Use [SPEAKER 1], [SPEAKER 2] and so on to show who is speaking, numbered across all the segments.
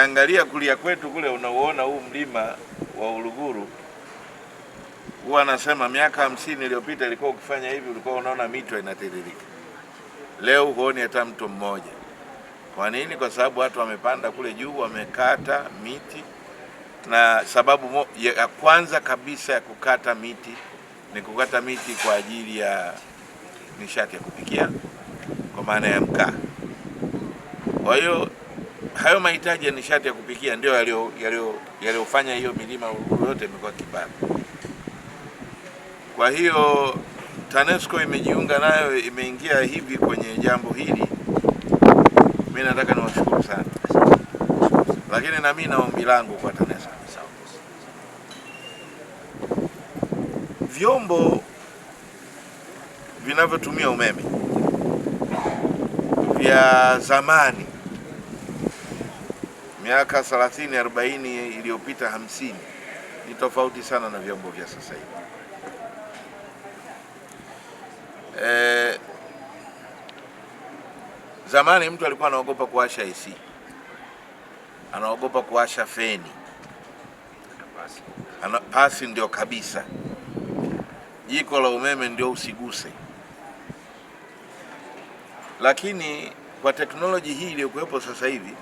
[SPEAKER 1] Ukiangalia kulia kwetu kule unauona huu mlima wa Uluguru. Huwa anasema miaka hamsini iliyopita ilikuwa ukifanya hivi ulikuwa unaona mito inatiririka, leo huoni hata mto mmoja. Kwa nini? Kwa sababu watu wamepanda kule juu, wamekata miti, na sababu ya kwanza kabisa ya kukata miti ni kukata miti kwa ajili ya nishati ya kupikia, kwa maana ya mkaa. Kwa hiyo hayo mahitaji ya nishati ya kupikia ndio yaliyofanya hiyo milima Uluguru yote imekuwa kibali. Kwa hiyo TANESCO imejiunga nayo, imeingia hivi kwenye jambo hili. Mimi nataka niwashukuru sana, lakini na mimi na ombi langu kwa TANESCO, vyombo vinavyotumia umeme vya zamani miaka 30 40 iliyopita 50 ni tofauti sana na vyombo vya sasa hivi. E, zamani mtu alikuwa anaogopa kuwasha AC, anaogopa kuwasha feni ana, pasi ndio kabisa, jiko la umeme ndio usiguse. Lakini kwa teknoloji hii iliyokuwepo sasa hivi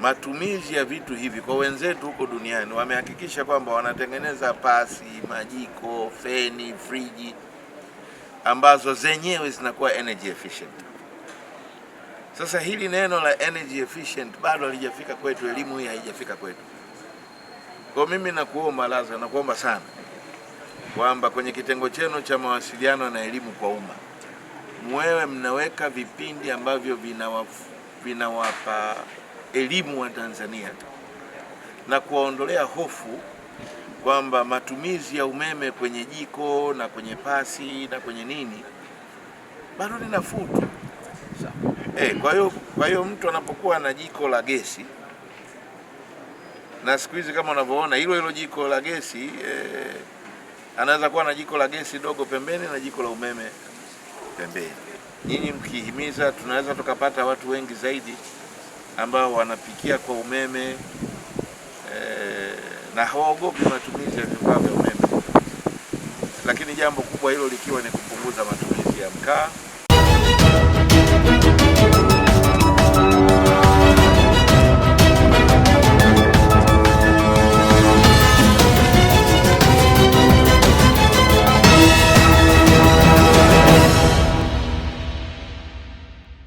[SPEAKER 1] matumizi ya vitu hivi kwa wenzetu huko duniani, wamehakikisha kwamba wanatengeneza pasi, majiko, feni, friji ambazo zenyewe zinakuwa energy efficient. Sasa hili neno la energy efficient bado halijafika kwetu, elimu hii haijafika kwetu. Kwa mimi nakuomba Laza, nakuomba sana kwamba kwenye kitengo chenu cha mawasiliano na elimu kwa umma mwewe mnaweka vipindi ambavyo vinawapa elimu wa Tanzania na kuwaondolea hofu kwamba matumizi ya umeme kwenye jiko na kwenye pasi na kwenye nini bado ni nafuu tu. Eh, kwa hiyo kwa hiyo mtu anapokuwa na jiko la gesi na siku hizi kama unavyoona hilo hilo jiko la gesi eh, anaweza kuwa na jiko la gesi dogo pembeni na jiko la umeme pembeni. Nyinyi mkihimiza, tunaweza tukapata watu wengi zaidi ambao wanapikia kwa umeme e, na hawaogopi matumizi ya vifaa vya umeme, lakini jambo kubwa hilo likiwa ni kupunguza matumizi ya mkaa.